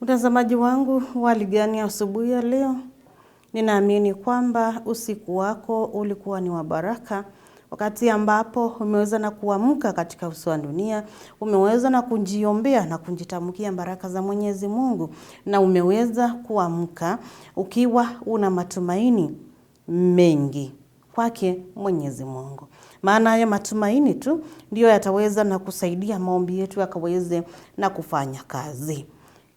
Mtazamaji wangu wa ligani asubuhi ya leo, ninaamini kwamba usiku wako ulikuwa ni wa baraka, wakati ambapo umeweza na kuamka katika uso wa dunia, umeweza na kujiombea na kujitamkia baraka za Mwenyezi Mungu, na umeweza kuamka ukiwa una matumaini mengi kwake Mwenyezi Mungu maana haya matumaini tu ndiyo yataweza na kusaidia maombi yetu yakaweze na kufanya kazi.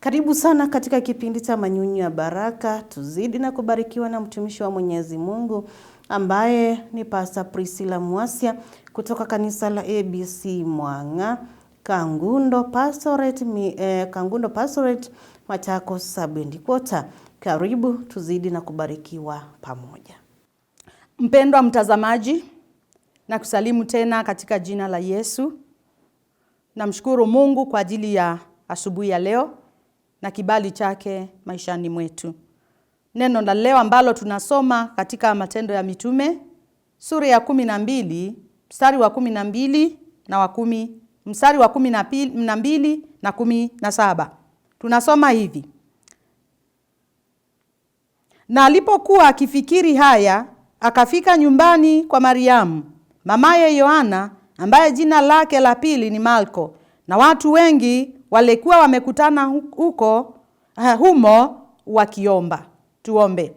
Karibu sana katika kipindi cha Manyunyu ya Baraka. Tuzidi na kubarikiwa na mtumishi wa Mwenyezi Mungu ambaye ni Pasta Priscilla mwasia kutoka kanisa la ABC Mwanga Kangundo Pastorate, eh, Kangundo Pastorate Machakos Kota. Karibu, tuzidi na kubarikiwa pamoja. Mpendwa mtazamaji, na kusalimu tena katika jina la Yesu. Namshukuru Mungu kwa ajili ya asubuhi ya leo na kibali chake maishani mwetu. Neno la leo ambalo tunasoma katika Matendo ya Mitume sura ya kumi na mbili mstari wa kumi na mbili na wa kumi mstari wa kumi na mbili na kumi na saba tunasoma hivi: na alipokuwa akifikiri haya, akafika nyumbani kwa Mariamu mamaye Yohana, ambaye jina lake la pili ni Malko, na watu wengi walikuwa wamekutana huko eh, humo wakiomba. Tuombe.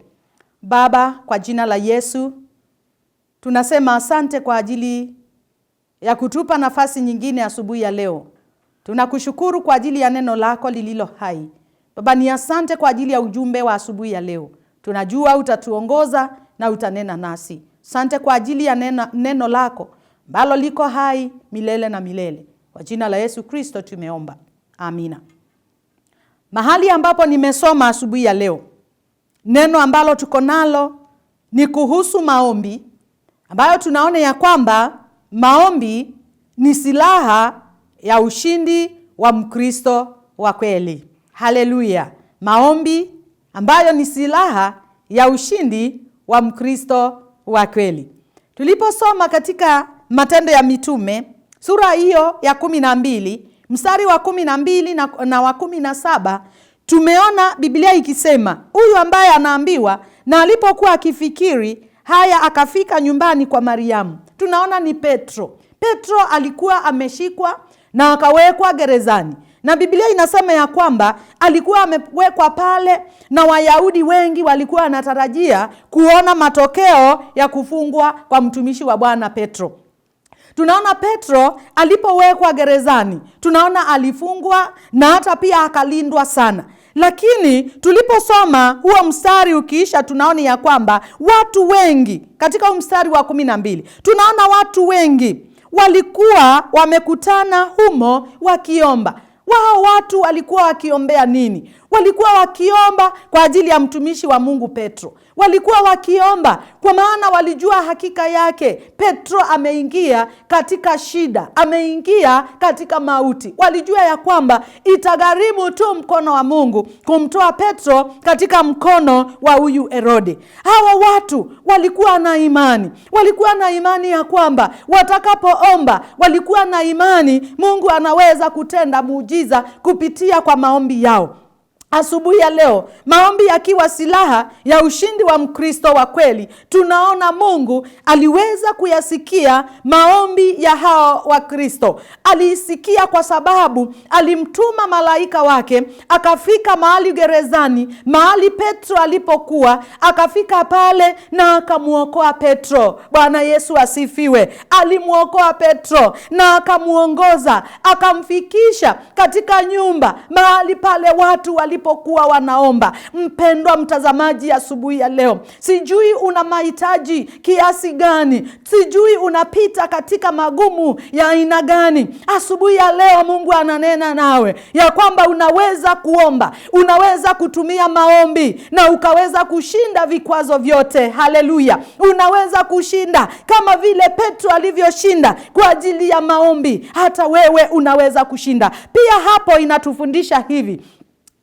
Baba, kwa jina la Yesu tunasema asante kwa ajili ya kutupa nafasi nyingine asubuhi ya leo. Tunakushukuru kwa ajili ya neno lako lililo hai. Baba, ni asante kwa ajili ya ujumbe wa asubuhi ya leo. Tunajua utatuongoza na utanena nasi. Asante kwa ajili ya neno, neno lako ambalo liko hai milele na milele. Kwa jina la Yesu Kristo tumeomba. Amina. Mahali ambapo nimesoma asubuhi ya leo, neno ambalo tuko nalo ni kuhusu maombi, ambayo tunaona ya kwamba maombi ni silaha ya ushindi wa Mkristo wa kweli. Haleluya! Maombi ambayo ni silaha ya ushindi wa Mkristo wa kweli. Tuliposoma katika Matendo ya Mitume sura hiyo ya kumi na mbili mstari wa kumi na mbili na, na wa kumi na saba tumeona Biblia ikisema huyu ambaye anaambiwa na alipokuwa akifikiri haya akafika nyumbani kwa Mariamu. Tunaona ni Petro. Petro alikuwa ameshikwa na akawekwa gerezani, na Biblia inasema ya kwamba alikuwa amewekwa pale, na Wayahudi wengi walikuwa wanatarajia kuona matokeo ya kufungwa kwa mtumishi wa Bwana Petro. Tunaona Petro alipowekwa gerezani, tunaona alifungwa na hata pia akalindwa sana, lakini tuliposoma huo mstari ukiisha, tunaona ya kwamba watu wengi katika mstari wa kumi na mbili tunaona watu wengi walikuwa wamekutana humo wakiomba. Wao watu walikuwa wakiombea nini? walikuwa wakiomba kwa ajili ya mtumishi wa Mungu Petro, walikuwa wakiomba kwa maana walijua hakika yake Petro ameingia katika shida, ameingia katika mauti. Walijua ya kwamba itagharimu tu mkono wa Mungu kumtoa Petro katika mkono wa huyu Herode. Hawa watu walikuwa na imani, walikuwa na imani ya kwamba watakapoomba, walikuwa na imani Mungu anaweza kutenda muujiza kupitia kwa maombi yao. Asubuhi ya leo maombi yakiwa silaha ya ushindi wa Mkristo wa kweli. Tunaona Mungu aliweza kuyasikia maombi ya hawa Wakristo, aliisikia kwa sababu alimtuma malaika wake, akafika mahali gerezani, mahali Petro alipokuwa, akafika pale na akamwokoa Petro. Bwana Yesu asifiwe! Alimwokoa Petro na akamwongoza, akamfikisha katika nyumba mahali pale watu wali walipokuwa wanaomba. Mpendwa mtazamaji, asubuhi ya, ya leo, sijui una mahitaji kiasi gani, sijui unapita katika magumu ya aina gani. Asubuhi ya leo Mungu ananena nawe ya kwamba unaweza kuomba, unaweza kutumia maombi na ukaweza kushinda vikwazo vyote. Haleluya, unaweza kushinda kama vile Petro alivyoshinda kwa ajili ya maombi. Hata wewe unaweza kushinda pia. Hapo inatufundisha hivi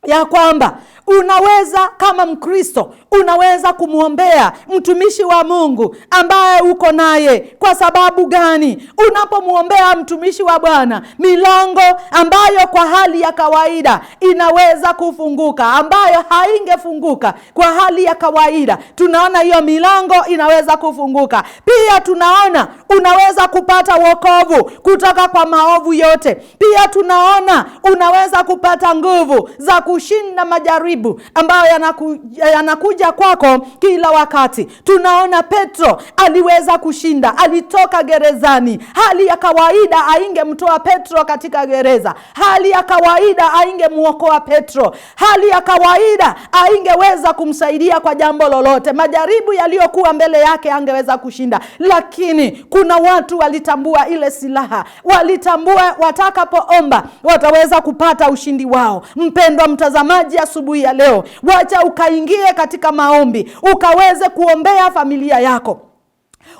ya kwamba unaweza kama Mkristo unaweza kumwombea mtumishi wa Mungu ambaye uko naye. Kwa sababu gani? Unapomwombea mtumishi wa Bwana, milango ambayo kwa hali ya kawaida inaweza kufunguka, ambayo haingefunguka kwa hali ya kawaida, tunaona hiyo milango inaweza kufunguka. Pia tunaona unaweza kupata wokovu kutoka kwa maovu yote. Pia tunaona unaweza kupata nguvu za ku kushinda majaribu ambayo yanaku, yanakuja kwako kila wakati. Tunaona Petro aliweza kushinda, alitoka gerezani. Hali ya kawaida aingemtoa Petro katika gereza, hali ya kawaida aingemwokoa Petro, hali ya kawaida aingeweza kumsaidia kwa jambo lolote. Majaribu yaliyokuwa mbele yake angeweza kushinda, lakini kuna watu walitambua ile silaha, walitambua watakapoomba wataweza kupata ushindi wao. Mpendwa mta mtazamaji asubuhi ya leo, wacha ukaingie katika maombi ukaweze kuombea familia yako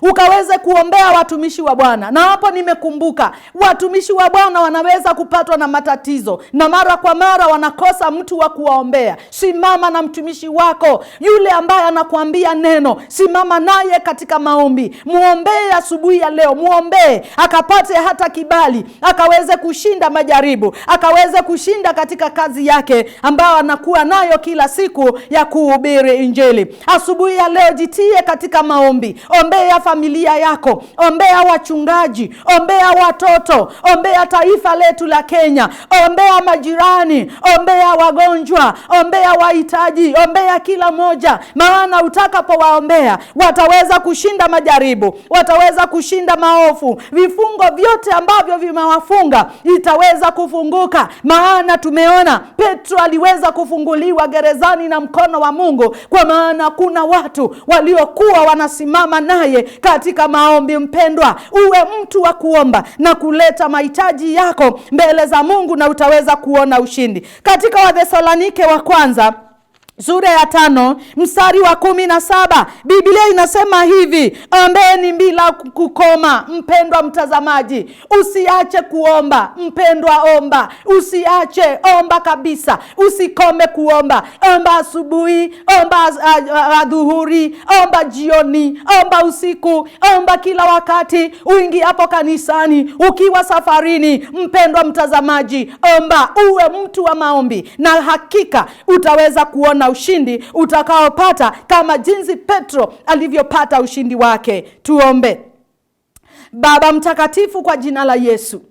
ukaweze kuombea watumishi wa Bwana. Na hapo nimekumbuka, watumishi wa Bwana wanaweza kupatwa na matatizo, na mara kwa mara wanakosa mtu wa kuwaombea. Simama na mtumishi wako yule ambaye anakuambia neno, simama naye katika maombi, mwombee asubuhi ya leo, mwombee akapate hata kibali, akaweze kushinda majaribu, akaweze kushinda katika kazi yake ambayo anakuwa nayo kila siku ya kuhubiri Injili. Asubuhi ya leo jitie katika maombi, ombea familia yako, ombea wachungaji, ombea watoto, ombea taifa letu la Kenya, ombea majirani, ombea wagonjwa, ombea wahitaji, ombea kila moja, maana utakapowaombea wataweza kushinda majaribu, wataweza kushinda maofu, vifungo vyote ambavyo vimewafunga itaweza kufunguka, maana tumeona Petro aliweza kufunguliwa gerezani na mkono wa Mungu, kwa maana kuna watu waliokuwa wanasimama naye katika maombi. Mpendwa, uwe mtu wa kuomba na kuleta mahitaji yako mbele za Mungu na utaweza kuona ushindi. Katika Wathesalonike wa kwanza sura ya tano mstari wa kumi na saba Biblia inasema hivi: ombeni bila kukoma. Mpendwa mtazamaji, usiache kuomba. Mpendwa, omba, usiache, omba kabisa, usikome kuomba. Omba asubuhi, omba adhuhuri, omba jioni, omba usiku, omba kila wakati, uingi hapo kanisani, ukiwa safarini. Mpendwa mtazamaji, omba, uwe mtu wa maombi, na hakika utaweza kuona na ushindi utakaopata kama jinsi Petro alivyopata ushindi wake. Tuombe. Baba mtakatifu, kwa jina la Yesu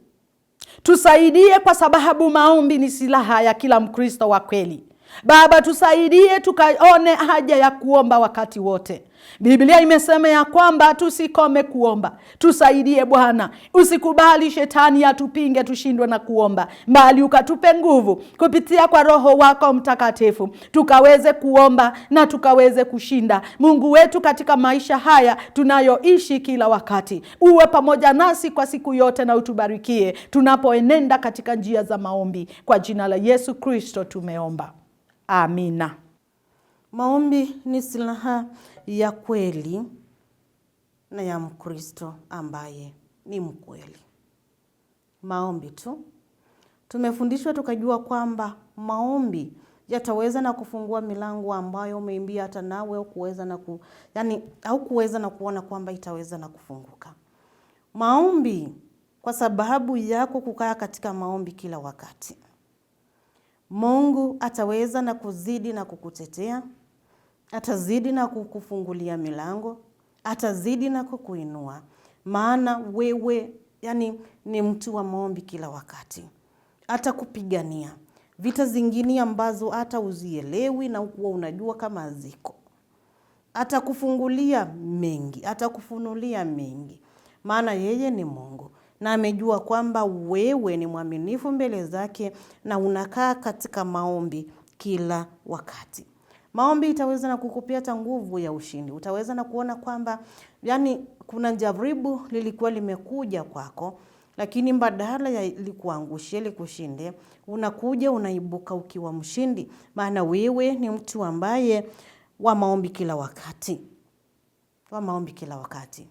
tusaidie, kwa sababu maombi ni silaha ya kila Mkristo wa kweli. Baba tusaidie, tukaone haja ya kuomba wakati wote Biblia imesema ya kwamba tusikome kuomba, tusaidie Bwana. Usikubali shetani atupinge tushindwe na kuomba, bali ukatupe nguvu kupitia kwa Roho wako Mtakatifu, tukaweze kuomba na tukaweze kushinda. Mungu wetu, katika maisha haya tunayoishi kila wakati, uwe pamoja nasi kwa siku yote na utubarikie tunapoenenda katika njia za maombi. Kwa jina la Yesu Kristo tumeomba, amina. Maombi ni silaha ya kweli na ya Mkristo ambaye ni mkweli. Maombi tu tumefundishwa tukajua kwamba maombi yataweza na kufungua milango ambayo umeimbia hata nawe kuweza na ku, yani, au kuweza na kuona kwamba itaweza na kufunguka maombi, kwa sababu yako kukaa katika maombi kila wakati, Mungu ataweza na kuzidi na kukutetea atazidi na kukufungulia milango, atazidi na kukuinua, maana wewe yani ni mtu wa maombi kila wakati. Atakupigania vita zingine ambazo hata uzielewi na ukuwa unajua kama ziko. Atakufungulia mengi, atakufunulia mengi, maana yeye ni Mungu na amejua kwamba wewe ni mwaminifu mbele zake na unakaa katika maombi kila wakati. Maombi itaweza na kukupia hata nguvu ya ushindi. Utaweza na kuona kwamba yani kuna jaribu lilikuwa limekuja kwako, lakini badala ya likuangushie likushinde, unakuja unaibuka ukiwa mshindi, maana wewe ni mtu ambaye wa maombi kila wakati, wa maombi kila wakati.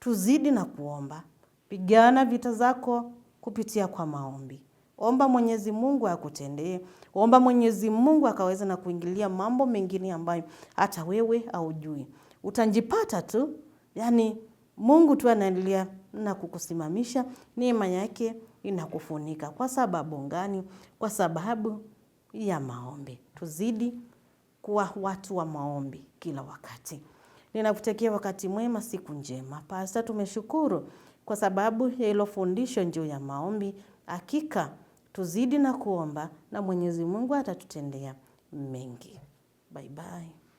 Tuzidi na kuomba, pigana vita zako kupitia kwa maombi omba Mwenyezi Mungu akutendee, omba Mwenyezi Mungu akaweza na kuingilia mambo mengine ambayo hata wewe haujui. Utajipata tu yani Mungu tu anaendelea na kukusimamisha, neema yake inakufunika. Kwa sababu gani? Kwa sababu ya maombi. Tuzidi kuwa watu wa maombi kila wakati. Ninakutakia wakati mwema, siku njema. Pasta, tumeshukuru kwa sababu ya ilo fundisho juu ya maombi. Hakika tuzidi na kuomba na Mwenyezi Mungu atatutendea mengi. Bye bye.